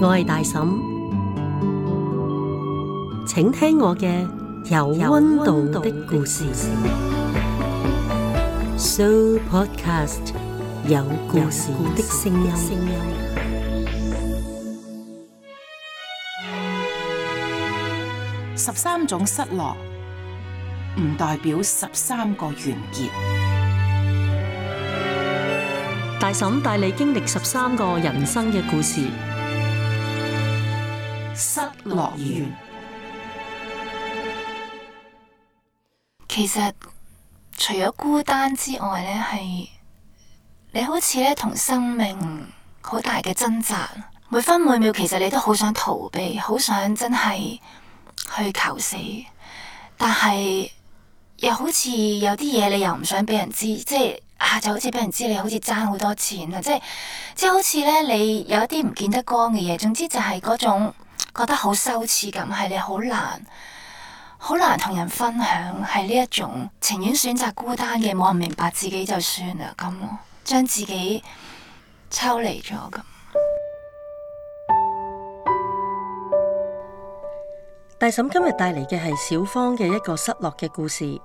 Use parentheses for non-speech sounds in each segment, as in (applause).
我係大嬸，請聽我嘅有温度的故事。So Podcast，有故事的聲音。十三種失落，唔代表十三個完結。大嬸帶你經歷十三個人生嘅故事。樂園其實除咗孤單之外咧，係你好似咧，同生命好大嘅掙扎，每分每秒其實你都好想逃避，好想真係去求死，但係又好似有啲嘢你又唔想俾人知，即係啊，就好似俾人知你好似爭好多錢啊，即係即係好似咧，你有一啲唔見得光嘅嘢，總之就係嗰種。覺得好羞恥，咁係你好難，好難同人分享，係呢一種情願選擇孤單嘅，冇人明白自己就算啦，咁將自己抽離咗咁。大嬸今日帶嚟嘅係小芳嘅一個失落嘅故事，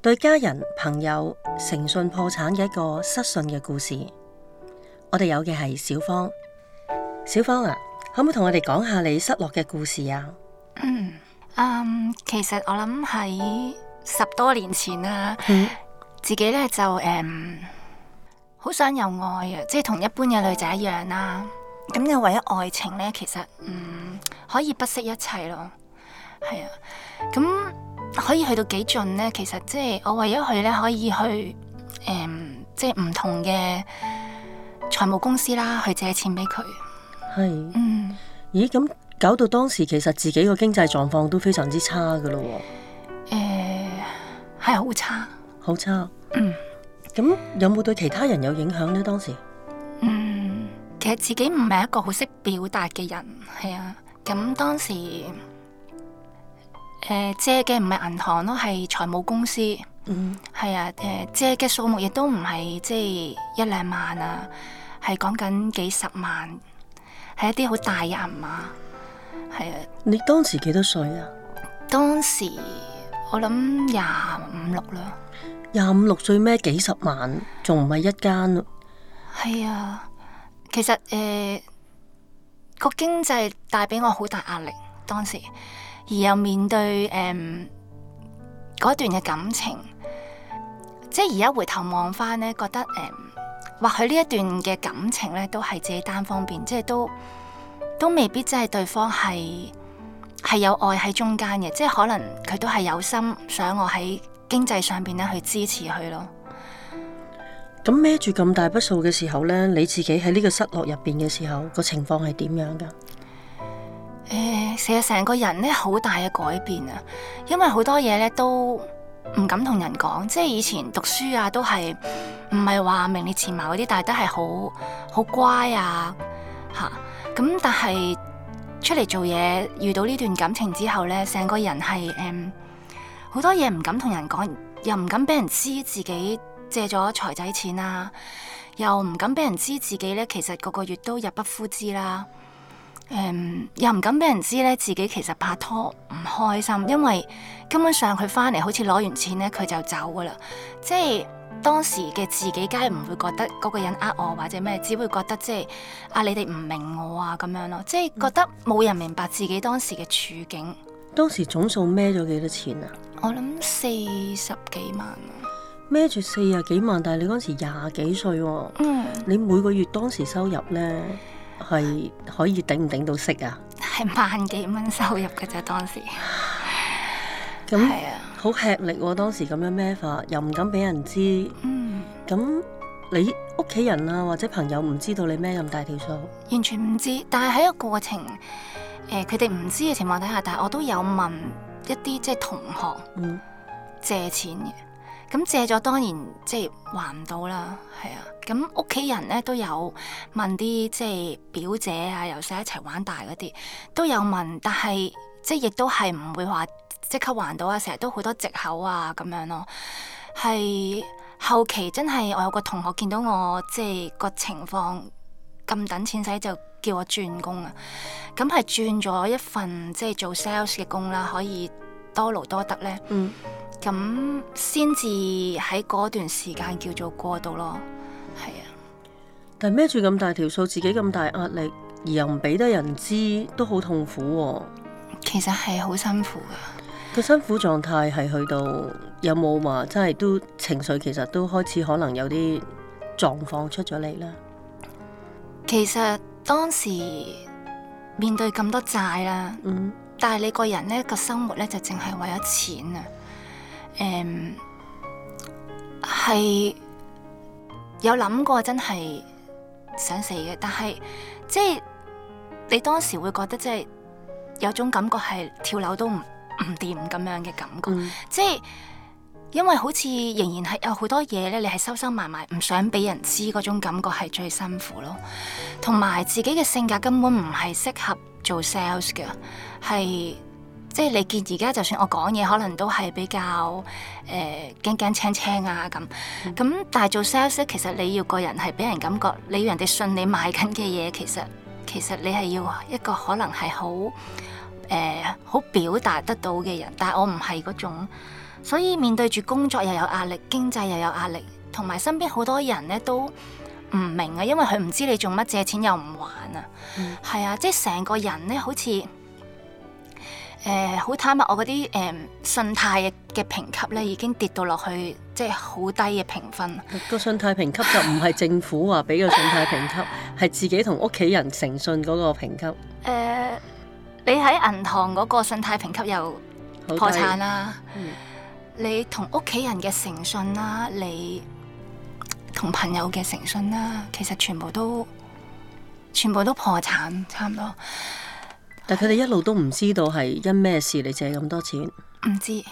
對家人朋友誠信破產嘅一個失信嘅故事。我哋有嘅係小芳，小芳啊，可唔可以同我哋講下你失落嘅故事啊？嗯，啊，其實我諗喺十多年前啦，嗯、自己咧就誒，好、嗯、想有愛啊，即係同一般嘅女仔一樣啦。咁又為咗愛情咧，其實嗯，可以不惜一切咯。係啊，咁可以去到幾盡咧？其實即係我為咗佢咧，可以去誒、嗯，即係唔同嘅財務公司啦，去借錢俾佢。係，是嗯，咦，咁搞到當時其實自己個經濟狀況都非常之差噶咯，誒、呃，係好差，好差，嗯，咁有冇對其他人有影響呢？當時，嗯，其實自己唔係一個好識表達嘅人，係啊，咁當時，誒、呃、借嘅唔係銀行咯，係財務公司，嗯，係啊，誒借嘅數目亦都唔係即係一兩萬啊，係講緊幾十萬。係一啲好大人嘛，係啊。你當時幾多歲啊？當時我諗廿五六啦。廿五六歲咩？幾十萬仲唔係一間咯，啊？係啊，其實誒，個經濟帶俾我好大壓力，當時，而又面對誒嗰，呃，段嘅感情，即係而家回頭望翻呢，覺得誒。呃或許呢一段嘅感情咧，都係自己單方面，即係都都未必真係對方係係有愛喺中間嘅，即係可能佢都係有心想我喺經濟上邊咧去支持佢咯。咁孭住咁大筆數嘅時候咧，你自己喺呢個失落入邊嘅時候，個情況係點樣噶？誒、呃，成日成個人咧好大嘅改變啊，因為好多嘢咧都。唔敢同人講，即係以前讀書啊，都係唔係話名列前茅嗰啲，但係都係好好乖啊，吓、啊、咁。但係出嚟做嘢遇到呢段感情之後呢，成個人係誒好多嘢唔敢同人講，又唔敢俾人知自己借咗財仔錢啊，又唔敢俾人知自己呢，其實個個月都入不敷支啦。嗯、又唔敢俾人知呢，自己其實拍拖唔開心，因為。根本上佢翻嚟好似攞完錢咧，佢就走噶啦。即係當時嘅自己，梗係唔會覺得嗰個人呃我或者咩，只會覺得即係啊，你哋唔明我啊咁樣咯。即係覺得冇人明白自己當時嘅處境。當時總數孭咗幾多錢啊？我諗四十幾萬啊！孭住四十幾萬，但係你嗰陣時廿幾歲喎？啊。嗯。你每個月當時收入咧係可以頂唔頂到息啊？係萬幾蚊收入嘅啫，當時。咁好那、啊、吃力喎、啊！當時咁樣咩法？又唔敢俾人知。咁、嗯、你屋企人啊，或者朋友唔知道你咩咁大條數，完全唔知。但係喺個過程，誒佢哋唔知嘅情況底下，但係我都有問一啲即係同學、嗯、借錢嘅。咁借咗當然即係還唔到啦，係啊。咁屋企人咧都有問啲即係表姐啊，由細一齊玩大嗰啲都有問，但係即係亦都係唔會話。即刻還到啊！成日都好多藉口啊，咁樣咯、啊。係後期真係我有個同學見到我，即係個情況咁等錢使，就叫我轉工啊。咁係轉咗一份即係做 sales 嘅工啦、啊，可以多勞多得呢。嗯，咁先至喺嗰段時間叫做過渡咯。係啊，但孭住咁大條數，自己咁大壓力，嗯、而又唔俾得人知，都好痛苦喎、啊。其實係好辛苦噶。個辛，辛苦狀態係去到有冇話，真係都情緒，其實都開始可能有啲狀況出咗嚟啦。其實當時面對咁多債啦，嗯、但係你個人呢個生活呢、um，就淨係為咗錢啊。誒，係有諗過真係想死嘅，但係即係你當時會覺得即係有種感覺係跳樓都唔唔掂咁樣嘅感覺，mm. 即係因為好似仍然係有好多嘢咧，你係收收埋埋，唔想俾人知嗰種感覺係最辛苦咯。同埋自己嘅性格根本唔係適合做 sales 嘅，係即係你見而家就算我講嘢，可能都係比較誒驚驚青青啊咁咁，mm. 但係做 sales 咧，其實你要個人係俾人感覺，你要人哋信你買緊嘅嘢，其實其實你係要一個可能係好。誒，好、呃、表達得到嘅人，但係我唔係嗰種，所以面對住工作又有壓力，經濟又有壓力，同埋身邊好多人咧都唔明啊，因為佢唔知你做乜借錢又唔還啊，係、嗯、啊，即係成個人咧好似誒好坦白，我嗰啲誒信貸嘅評級咧已經跌到落去，即係好低嘅評分。 (laughs) 個信貸評級就唔係政府話俾個信貸評級，係 (laughs) 自己同屋企人誠信嗰個評級。誒、呃。你喺銀行嗰個信貸評級又破產啦、嗯，你同屋企人嘅誠信啦，你同朋友嘅誠信啦，其實全部都全部都破產，差唔多。但佢哋一路都唔知道係因咩事你借咁多錢？唔知。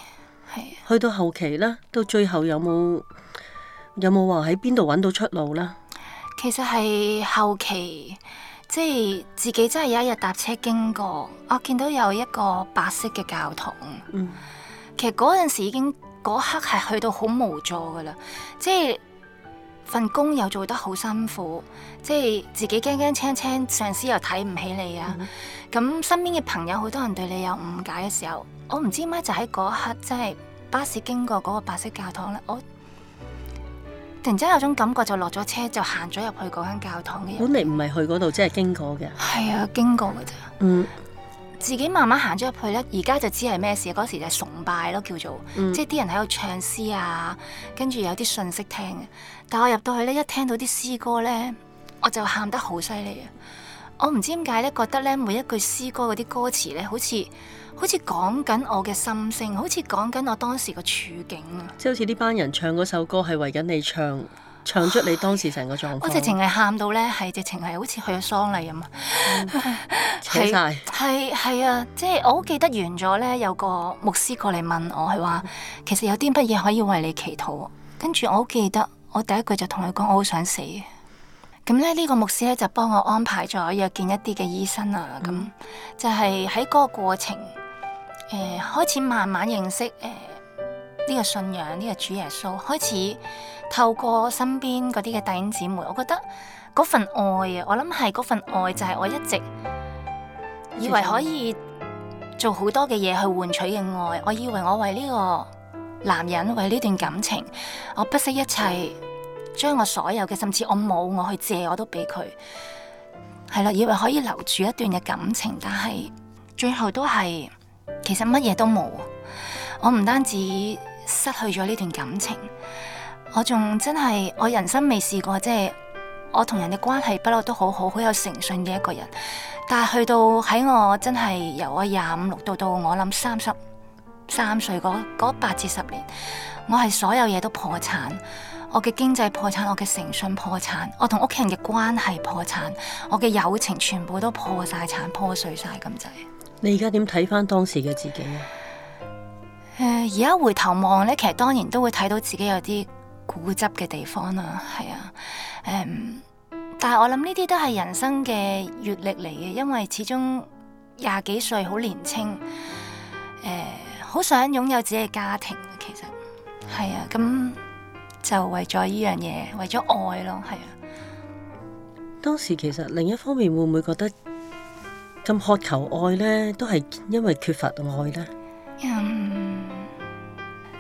去到後期呢，到最後有冇有冇話喺邊度揾到出路呢？其實係後期。即係自己真係有一日搭車經過，我見到有一個白色嘅教堂。其實嗰陣時已經嗰刻係去到好無助㗎喇，即係份工又做得好辛苦，即係自己驚驚青青，上司又睇唔起你啊。咁、mm hmm. 身邊嘅朋友好多人對你有誤解嘅時候，我唔知點解就喺、是、嗰刻即係巴士經過嗰個白色教堂咧，我。突然之間有種感覺，就落咗車，就行咗入去嗰間教堂嘅。本來唔係去嗰度，即係經過嘅。係啊，經過嘅咋。嗯，自己慢慢行咗入去咧，而家就知係咩事。嗰時就係崇拜咯，叫做，嗯、即係啲人喺度唱詩啊，跟住有啲信息聽。但我入到去咧，一聽到啲詩歌咧，我就喊得好犀利啊！我唔知點解咧，覺得咧，每一句詩歌嗰啲歌詞咧，好似好似講緊我嘅心聲，好似講緊我當時嘅處境啊！即係好似呢班人唱嗰首歌，係為緊你唱，唱出你當時成個狀況。我直情係喊到咧，係直情係好似去咗喪禮咁啊！晒係係啊！即係我好記得完咗咧，有個牧師過嚟問我，係話其實有啲乜嘢可以為你祈禱。跟住我好記得，我第一句就同佢講，我好想死。咁咧，呢個牧師咧就幫我安排咗約見一啲嘅醫生啊，咁、嗯、就係喺嗰個過程，誒、呃、開始慢慢認識誒呢、呃呢個信仰，呢、呢個主耶穌，開始透過身邊嗰啲嘅弟兄姊妹，我覺得嗰份愛，我諗係嗰份愛就係我一直以為可以做好多嘅嘢去換取嘅愛，我以為我為呢個男人，為呢段感情，我不惜一切。將我所有嘅，甚至我冇我去借，我都俾佢，係啦，以為可以留住一段嘅感情，但係最後都係，其實乜嘢都冇。我唔單止失去咗呢段感情，我仲真係我人生未試過，即係我同人嘅關係不嬲都好好，好有誠信嘅一個人。但係去到喺我真係由我廿五六度到我諗三十三歲嗰八至十年，我係所有嘢都破產。我嘅經濟破產，我嘅誠信破產，我同屋企人嘅關係破產，我嘅友情全部都破晒產、破碎曬咁滯。你而家點睇翻當時嘅自己呢？誒、呃，而家回頭望咧，其實當然都會睇到自己有啲固執嘅地方啦。係啊，誒、嗯，但係我諗呢啲都係人生嘅閲歷嚟嘅，因為始終廿幾歲好年青，誒、呃，好想擁有自己嘅家庭。其實係啊，咁、嗯。就為咗呢樣嘢，為咗愛咯，係啊。當時其實另一方面會唔會覺得咁渴求愛呢，都係因為缺乏愛咧？嗯，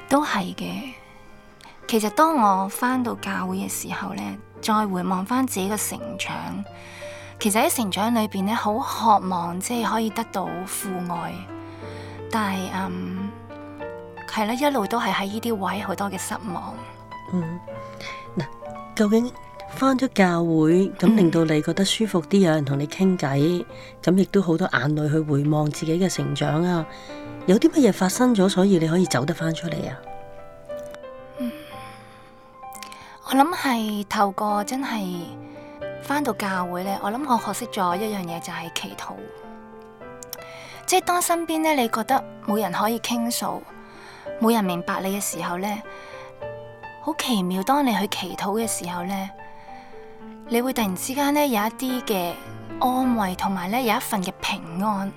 都係嘅。其實當我翻到教會嘅時候呢，再回望翻自己嘅成長，其實喺成長裏邊呢，好渴望即係可以得到父愛，但係嗯係咧、啊，一路都係喺呢啲位好多嘅失望。嗯，究竟翻咗教會咁，令到你覺得舒服啲，嗯，有人同你傾偈，咁亦都好多眼淚去回望自己嘅成長啊，有啲乜嘢發生咗，所以你可以走得翻出嚟啊？嗯，我諗係透過真係翻到教會呢，我諗我學識咗一樣嘢就係、是、祈禱，即係當身邊呢，你覺得冇人可以傾訴，冇人明白你嘅時候呢。好奇妙，當你去祈禱嘅時候呢，你會突然之間呢，有一啲嘅安慰，同埋呢，有一份嘅平安，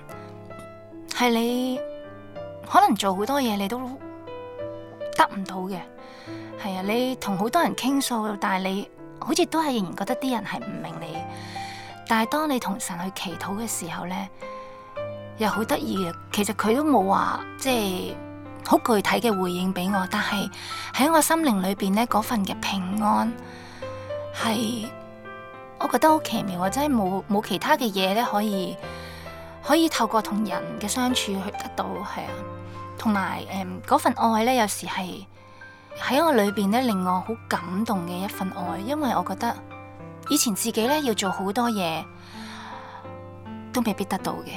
係你可能做好多嘢你都得唔到嘅。係啊，你同好多人傾訴，但係你好似都係仍然覺得啲人係唔明你。但係當你同神去祈禱嘅時候呢，又好得意嘅。其實佢都冇話，即係。就是好具體嘅回應俾我，但係喺我心靈裏邊呢，嗰份嘅平安係我覺得好奇妙，真係冇冇其他嘅嘢呢可以可以透過同人嘅相處去得到，係啊，同埋誒嗰份愛呢，有時係喺我裏邊呢，令我好感動嘅一份愛，因為我覺得以前自己呢，要做好多嘢都未必得到嘅，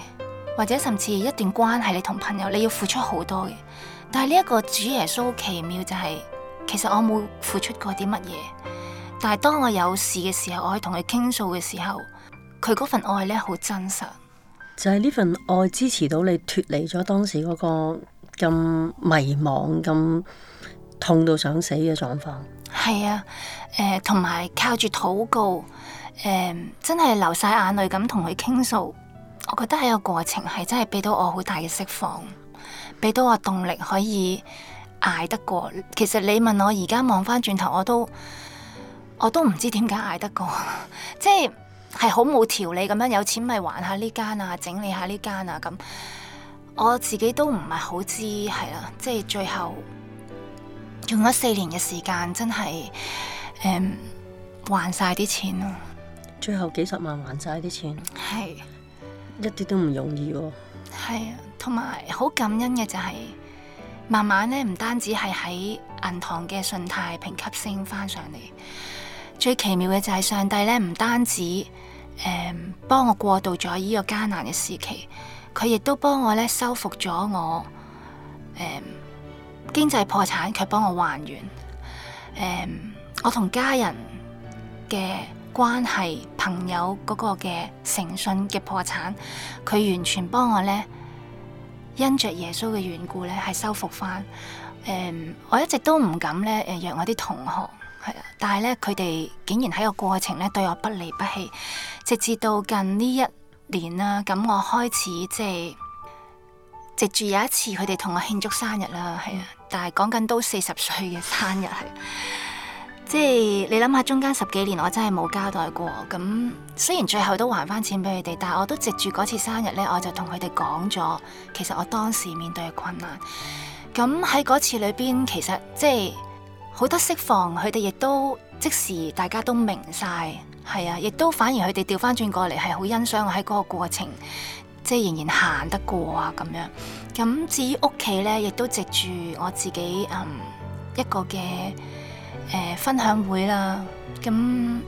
或者甚至一段關係，你同朋友你要付出好多嘅。但係呢一個主耶穌奇妙就係、是，其實我冇付出過啲乜嘢，但係當我有事嘅時候，我去同佢傾訴嘅時候，佢嗰份愛咧好真實，就係呢份愛支持到你脫離咗當時嗰個咁迷茫、咁痛到想死嘅狀況。係啊，誒、呃，同埋靠住禱告，誒、呃，真係流晒眼淚咁同佢傾訴，我覺得係個過程係真係俾到我好大嘅釋放。俾到我動力可以捱得過。其實你問我而家望翻轉頭，我都我都唔知點解捱得過。 (laughs) 即係係好冇條理咁樣，有錢咪還下呢間啊，整理下呢間啊咁。我自己都唔係好知，係啦。即係最後用咗四年嘅時間，真係誒、呃、還晒啲錢咯。最後幾十萬還晒啲錢，係的一啲都唔容易喎。係啊，同埋好感恩嘅就係、是，慢慢咧唔單止係喺銀行嘅信貸評級升返上嚟，最奇妙嘅就係上帝咧唔單止，誒、嗯、幫我過渡咗呢個艱難嘅時期，佢亦都幫我咧修復咗我，誒、嗯、經濟破產佢幫我還原，誒、嗯、我同家人嘅。關係朋友嗰個嘅誠信嘅破產，佢完全幫我呢。因着耶穌嘅緣故呢係修復翻。誒、嗯，我一直都唔敢呢，誒，約我啲同學係啊，但係呢，佢哋竟然喺個過程呢對我不離不棄，直至到近呢一年啦，咁我開始即、就、係、是，直至有一次佢哋同我慶祝生日啦，係啊，但係講緊都四十歲嘅生日係。即係你諗下，中間十幾年我真係冇交代過。咁雖然最後都還翻錢俾佢哋，但係我都藉住嗰次生日呢，我就同佢哋講咗，其實我當時面對嘅困難。咁喺嗰次裏邊，其實即係好多釋放，佢哋亦都即時大家都明晒，係啊，亦都反而佢哋調翻轉過嚟，係好欣賞我喺嗰個過程，即係仍然行得過啊咁樣。咁至於屋企呢，亦都藉住我自己嗯一個嘅。誒、呃，分享會啦，咁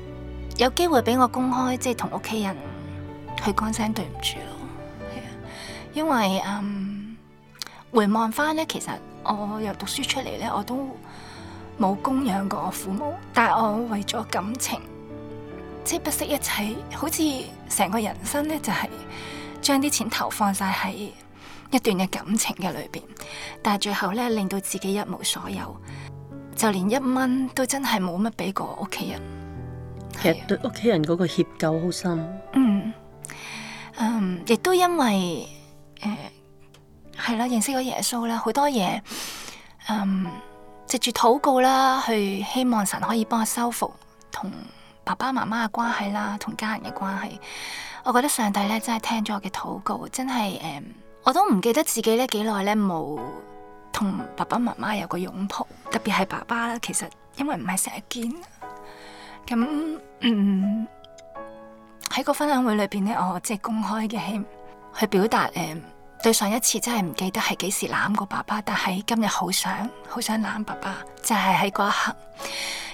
有機會俾我公開，即係同屋企人去講聲對唔住咯。係啊，因為嗯，回望翻咧，其實我由讀書出嚟咧，我都冇供養過我父母，但係我為咗感情，即係不惜一切，好似成個人生咧，就係將啲錢投放晒喺一段嘅感情嘅裏邊，但係最後咧令到自己一無所有。就連一蚊都真係冇乜俾過屋企人，啊、其實對屋企人嗰個歉疚好深。嗯，嗯，亦都因為誒係啦，認識咗耶穌啦，好多嘢，嗯，藉住禱告啦，去希望神可以幫我修復同爸爸媽媽嘅關係啦，同家人嘅關係。我覺得上帝咧真係聽咗我嘅禱告，真係誒、嗯，我都唔記得自己咧幾耐咧冇同爸爸媽媽有個擁抱，特別係爸爸啦。其實因為唔係成日見，咁嗯喺個分享會裏邊咧，我即係公開嘅去表達誒、嗯、對上一次真係唔記得係幾時攬過爸爸，但係今日好想好想攬爸爸，就係喺嗰一刻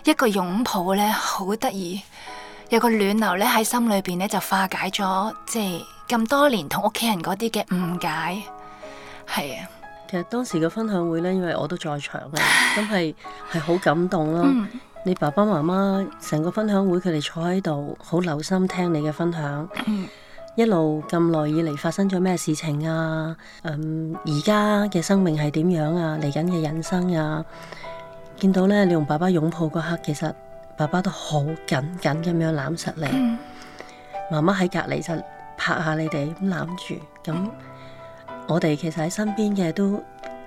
一個擁抱咧，好得意，有個暖流咧喺心裏邊咧就化解咗即係咁多年同屋企人嗰啲嘅誤解，係啊。其實當時嘅分享會咧，因為我都在場嘅，咁係係好感動咯。嗯、你爸爸媽媽成個分享會，佢哋坐喺度，好留心聽你嘅分享，一路咁耐以嚟發生咗咩事情啊？而家嘅生命係點樣啊？嚟緊嘅人生啊？見到咧，你同爸爸擁抱嗰刻，其實爸爸都好緊緊咁樣攬實你，媽媽喺隔籬就拍下你哋攬住咁。我哋其實喺身邊嘅都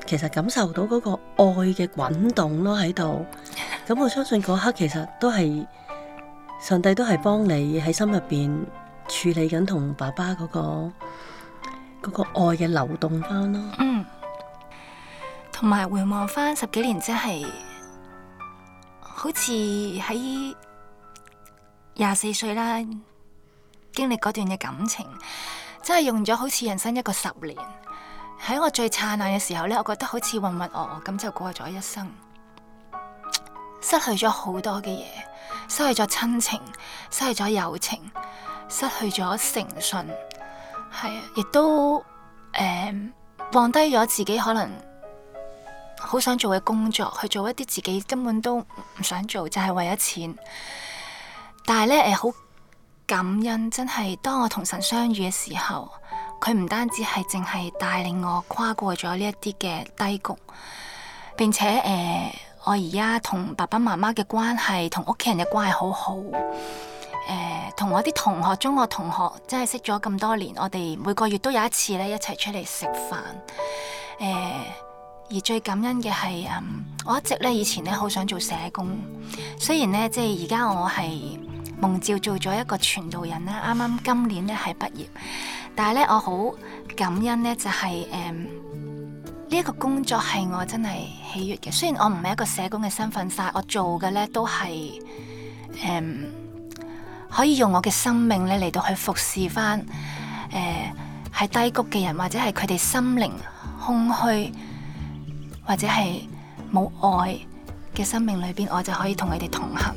其實感受到嗰個愛嘅滾動咯喺度，咁我相信嗰刻其實都係上帝都係幫你喺心入邊處理緊同爸爸嗰個嗰個愛嘅流動翻咯。嗯，同埋回望翻十幾年、就是，即係好似喺廿四歲啦，經歷嗰段嘅感情，真係用咗好似人生一個十年。喺我最燦爛嘅時候呢，我覺得好似渾渾噩噩咁，就過咗一生，失去咗好多嘅嘢，失去咗親情，失去咗友情，失去咗誠信，係啊的，亦都誒放低咗自己可能好想做嘅工作，去做一啲自己根本都唔想做，就係、是、為咗錢。但係咧，誒好感恩，真係當我同神相遇嘅時候。佢唔單止係淨係帶領我跨過咗呢一啲嘅低谷，並且誒、呃，我而家同爸爸媽媽嘅關係，同屋企人嘅關係好好。誒、呃，同我啲同學，中學同學，即係識咗咁多年，我哋每個月都有一次咧，一齊出嚟食飯。誒、呃，而最感恩嘅係，嗯，我一直咧以前咧好想做社工，雖然咧即係而家我係蒙召做咗一個傳道人啦。啱啱今年咧係畢業。但係咧，我好感恩呢，就係誒呢一個工作係我真係喜悦嘅。雖然我唔係一個社工嘅身份晒，但我做嘅呢都係誒、呃、可以用我嘅生命咧嚟到去服侍翻喺、呃、低谷嘅人，或者係佢哋心靈空虛，或者係冇愛嘅生命裏邊，我就可以同佢哋同行。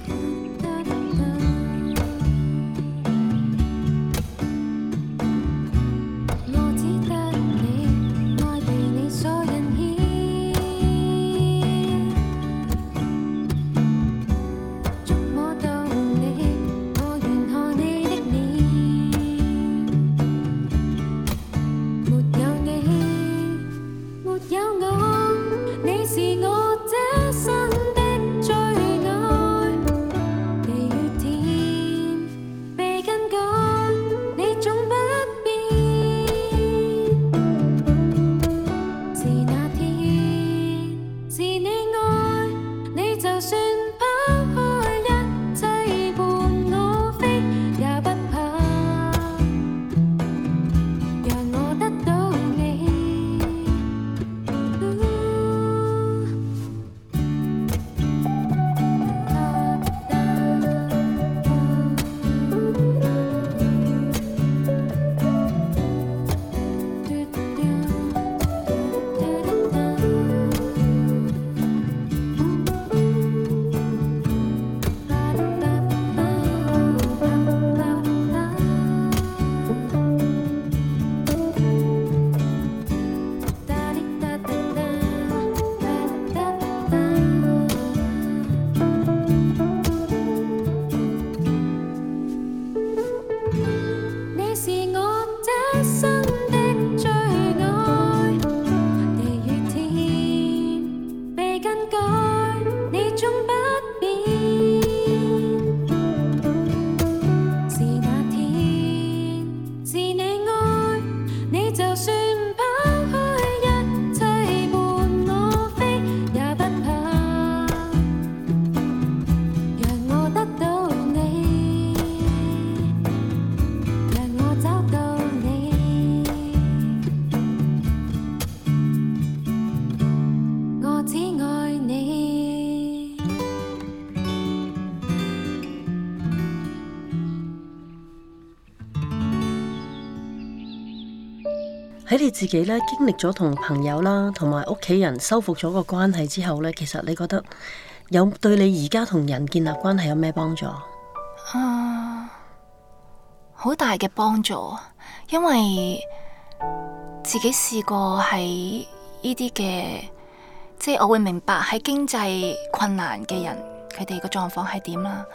喺你自己咧，經歷咗同朋友啦，同埋屋企人修復咗個關係之後咧，其實你覺得有對你而家同人建立關係有咩幫助？啊，uh，好大嘅幫助，因為自己試過喺呢啲嘅，即係我會明白，喺經濟困難嘅人，佢哋個狀況係點啦，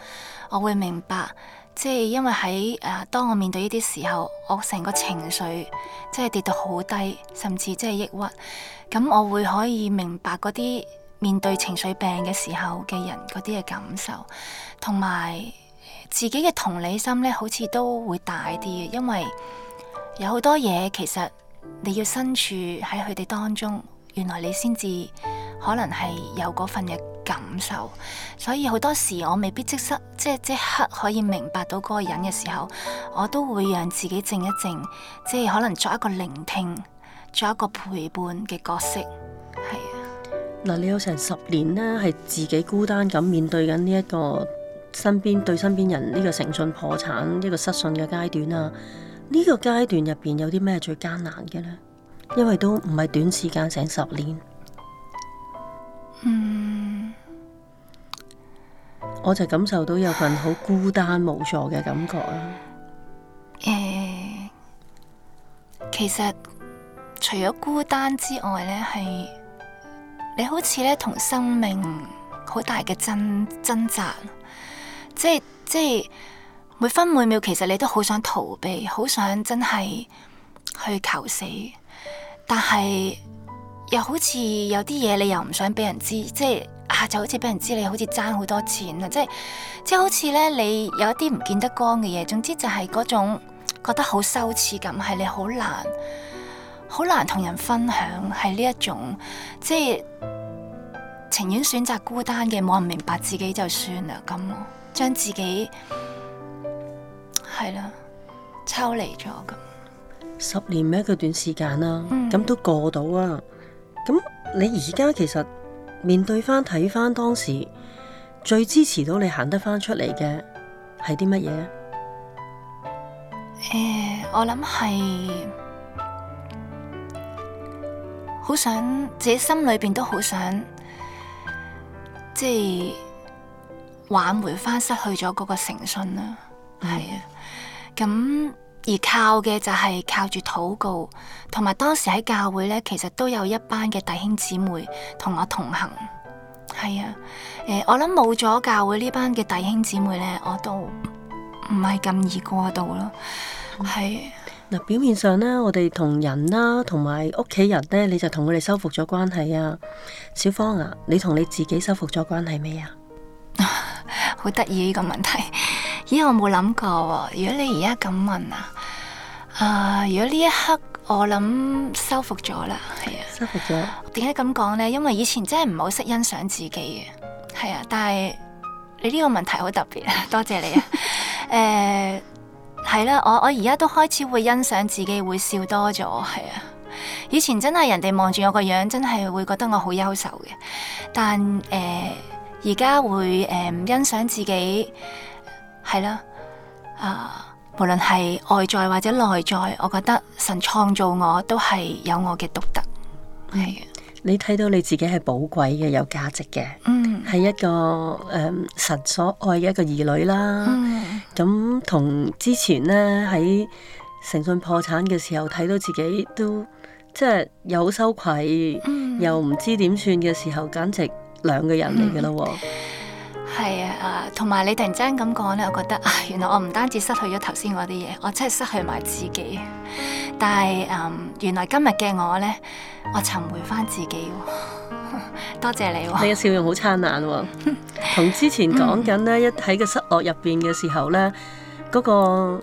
我會明白。即係因為喺誒、呃，當我面對呢啲時候，我成個情緒即係跌到好低，甚至即係抑鬱。咁我會可以明白嗰啲面對情緒病嘅時候嘅人嗰啲嘅感受，同埋自己嘅同理心呢，好似都會大啲嘅，因為有好多嘢其實你要身處喺佢哋當中，原來你先至可能係有嗰份嘅。感受，所以好多時我未必即刻即，即即刻可以明白到嗰個人嘅時候，我都會讓自己靜一靜，即係可能作一個聆聽，作一個陪伴嘅角色。係啊，嗱，你有成十年呢係自己孤單咁面對緊呢一個身邊對身邊人呢個誠信破產呢個失信嘅階段啊！呢個階段入邊有啲咩最艱難嘅呢？因為都唔係短時間，成十年。嗯。我就感受到有份好孤單無助嘅感覺啦。誒、呃，其實除咗孤單之外呢係，你好似呢同生命好大嘅掙掙，掙扎，即係即係每分每秒，其實你都好想逃避，好想真係去求死，但係又好似有啲嘢你又唔想俾人知，即係。啊，就好似俾人知你好似爭好多錢啊！即係，即係好似咧，你有一啲唔見得光嘅嘢，總之就係嗰種覺得好羞恥感，係你好難，好難同人分享，係呢一種，即係情願選擇孤單嘅，冇人明白自己就算啦。咁、啊，將自己係啦、啊、抽離咗咁。十年咩一個短時間啦、啊，咁、嗯、都過到啊！咁你而家其實。面對翻睇，翻當時最支持到你行得翻出嚟嘅係啲乜嘢？誒、呃，我諗係好想，想自己心裏邊都好想，即係挽回翻失去咗嗰個誠信啦。係、嗯、啊，咁。而靠嘅就係靠住禱告，同埋當時喺教會咧，其實都有一班嘅弟兄姊妹同我同行。係啊，誒、欸，我諗冇咗教會呢班嘅弟兄姊妹咧，我都唔係咁易過渡咯。係、啊嗯呃，表面上咧，我哋同人啦，同埋屋企人咧，你就同佢哋修復咗關係啊。小芳啊，你同你自己修復咗關係未啊？ (laughs) 好得意呢個問題。咦，我冇諗過。如果你而家咁問啊，啊、呃，如果呢一刻我諗收復咗啦，係啊，收復咗。點解咁講呢？因為以前真係唔好識欣賞自己嘅，係啊。但係你呢個問題好特別啊，多謝你啊。誒、 (laughs) 呃，係啦，我我而家都開始會欣賞自己，會笑多咗。係啊，以前真係人哋望住我個樣，真係會覺得我好優秀嘅。但誒，而、呃、家會誒、呃、唔欣賞自己。係啦，誒、啊，無論係外在或者內在，我覺得神創造我都係有我嘅獨特。係、嗯、你睇到你自己係寶貴嘅、有價值嘅、嗯，嗯，係一個誒神所愛嘅一個兒女啦。咁同、嗯、之前呢，喺誠信破產嘅時候睇到自己都即係有羞愧，嗯、又唔知點算嘅時候，簡直兩個人嚟嘅咯喎。嗯嗯。係啊，同埋你突然間咁講咧，我覺得啊，原來我唔單止失去咗頭先嗰啲嘢，我真係失去埋自己。但係嗯，原來今日嘅我咧，我尋回翻自己。哦，多謝你喎。哦！你嘅笑容好燦爛喎，同 (laughs) 之前講緊咧，一喺個、嗯、失落入邊嘅時候咧，嗰，那個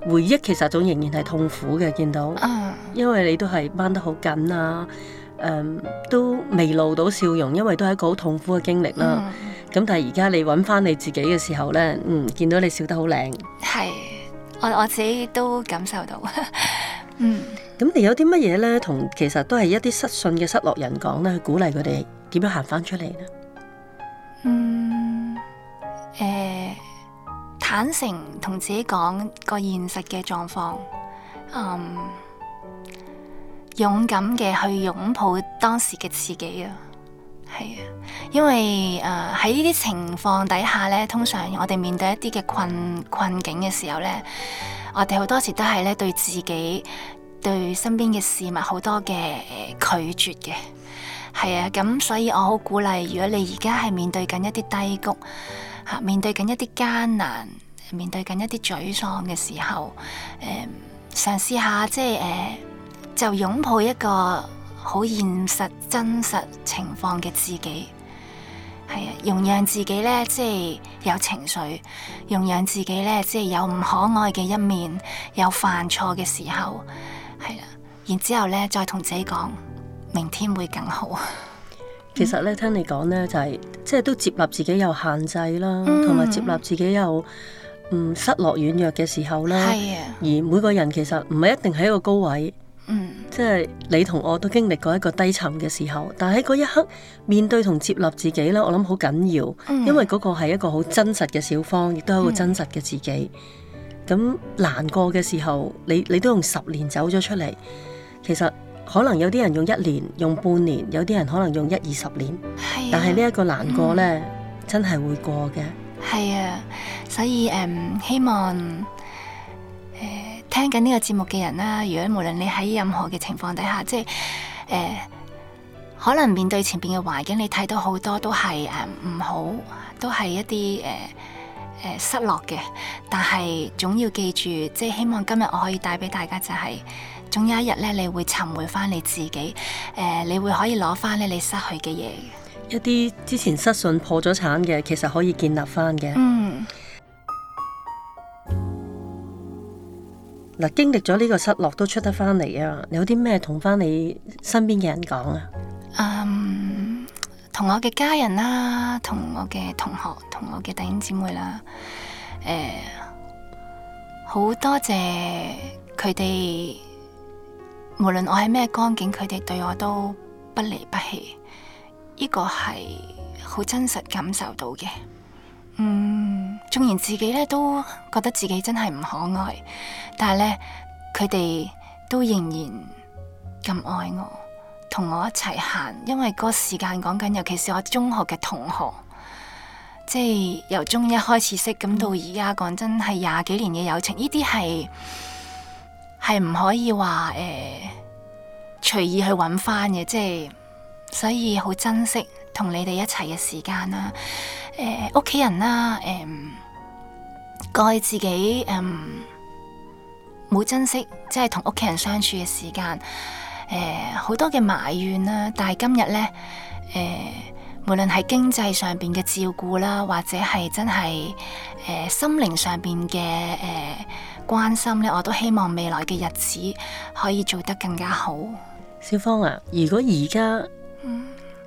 回憶其實總仍然係痛苦嘅。見到、嗯、因為你都係掹得好緊啊，誒、嗯，都未露到笑容，因為都係一個好痛苦嘅經歷啦。嗯咁但係而家你揾翻你自己嘅時候呢，嗯，見到你笑得好靚。係，我我自己都感受到。 (laughs) 嗯。咁你有啲乜嘢呢？同其實都係一啲失信嘅失落人講呢，去鼓勵佢哋點樣行翻出嚟呢？嗯。誒、呃，坦誠同自己講個現實嘅狀況。嗯。勇敢嘅去擁抱當時嘅自己啊！係啊，因為誒喺呢啲情況底下咧，通常我哋面對一啲嘅困困境嘅時候咧，我哋好多時都係咧對自己、對身邊嘅事物好多嘅、呃、拒絕嘅。係啊，咁所以我好鼓勵，如果你而家係面對緊一啲低谷吓、呃，面對緊一啲艱難，面對緊一啲沮喪嘅時候，誒、呃，嘗試下即係誒、呃，就擁抱一個。好現實、真實情況嘅自己，係啊，容讓自己咧，即係有情緒，容讓自己咧，即係有唔可愛嘅一面，有犯錯嘅時候，係啦、啊，然之後咧，再同自己講，明天會更好。其實咧，聽你講咧，就係、是、即係都接納自己有限制啦，同埋、嗯、接納自己有唔、嗯、失落、軟弱嘅時候啦。係啊，而每個人其實唔係一定喺一個高位。嗯，即係你同我都經歷過一個低沉嘅時候，但喺嗰一刻面對同接納自己咧，我諗好緊要，嗯、因為嗰個係一個好真實嘅小方，亦都係一個真實嘅自己。咁、嗯、難過嘅時候，你你都用十年走咗出嚟，其實可能有啲人用一年、用半年，有啲人可能用一二十年，啊、但係呢一個難過咧，嗯、真係會過嘅。係啊，所以誒、嗯，希望。聽緊呢個節目嘅人啦，如果無論你喺任何嘅情況底下，即係誒、呃，可能面對前邊嘅環境，你睇到好多都係誒唔好，都係一啲誒誒失落嘅。但係總要記住，即係希望今日我可以帶俾大家就係、是，總有一日咧你會尋回翻你自己，誒、呃、你會可以攞翻咧你失去嘅嘢。一啲之前失信破咗產嘅，其實可以建立翻嘅。嗯。嗱，經歷咗呢個失落都出得翻嚟啊！有啲咩同翻你身邊嘅人講啊？同、um, 我嘅家人啦，同我嘅同學，同我嘅弟兄姊妹啦，誒、啊，好多謝佢哋，無論我係咩光景，佢哋對我都不離不棄，呢、這個係好真實感受到嘅。嗯，縱然自己咧都覺得自己真係唔可愛，但係咧佢哋都仍然咁愛我，同我一齊行。因為嗰個時間講緊，尤其是我中學嘅同學，即係由中一開始識，咁到而家講真係廿幾年嘅友情，呢啲係係唔可以話誒隨意去揾翻嘅，即係所以好珍惜同你哋一齊嘅時間啦。嗯誒，屋企、呃、人啦，誒、呃，怪自己誒冇、呃、珍惜，即係同屋企人相處嘅時間，誒、呃，好多嘅埋怨啦。但係今日咧，誒、呃，無論係經濟上邊嘅照顧啦，或者係真係誒、呃、心靈上邊嘅誒關心咧，我都希望未來嘅日子可以做得更加好。小芳啊，如果而家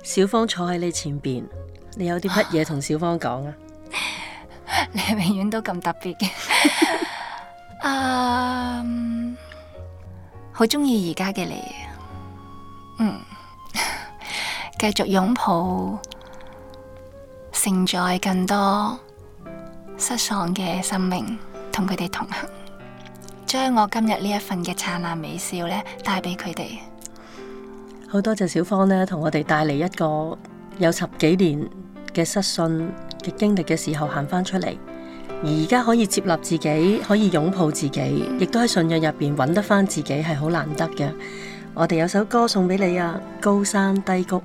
小芳坐喺你前邊。嗯你有啲乜嘢同小芳講啊？ (laughs) 你永遠都咁特別嘅，嗯，好中意而家嘅你，嗯，繼 (laughs) 續擁抱，承載更多失喪嘅生命，同佢哋同行，將我今日呢一份嘅燦爛微笑咧，帶俾佢哋。好多謝小芳呢，同我哋帶嚟一個。有十幾年嘅失信嘅經歷嘅時候行翻出嚟，而家可以接納自己，可以擁抱自己，亦都喺信仰入邊揾得翻自己係好難得嘅。我哋有首歌送俾你啊，《高山低谷》。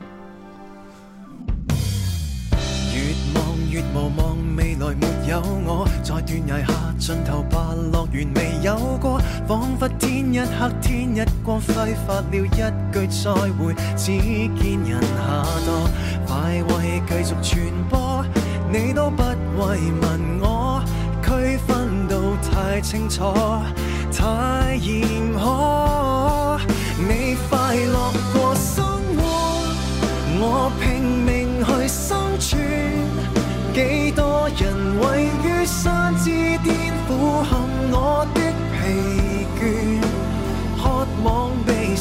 越望越無望，未來沒有我，在斷崖下盡頭白樂園未有過，仿佛天一黑天日，天一。光揮發了一句再會，只見人下墮。快慰繼續傳播，你都不慰問我，區分到太清楚，太嚴苛。你 (noise) 快樂過生活，我拼命去生存，幾多人位於山之巔俯瞰。 (music) (music)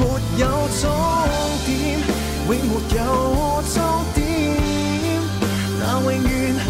沒有終點，永沒有終點。那永遠。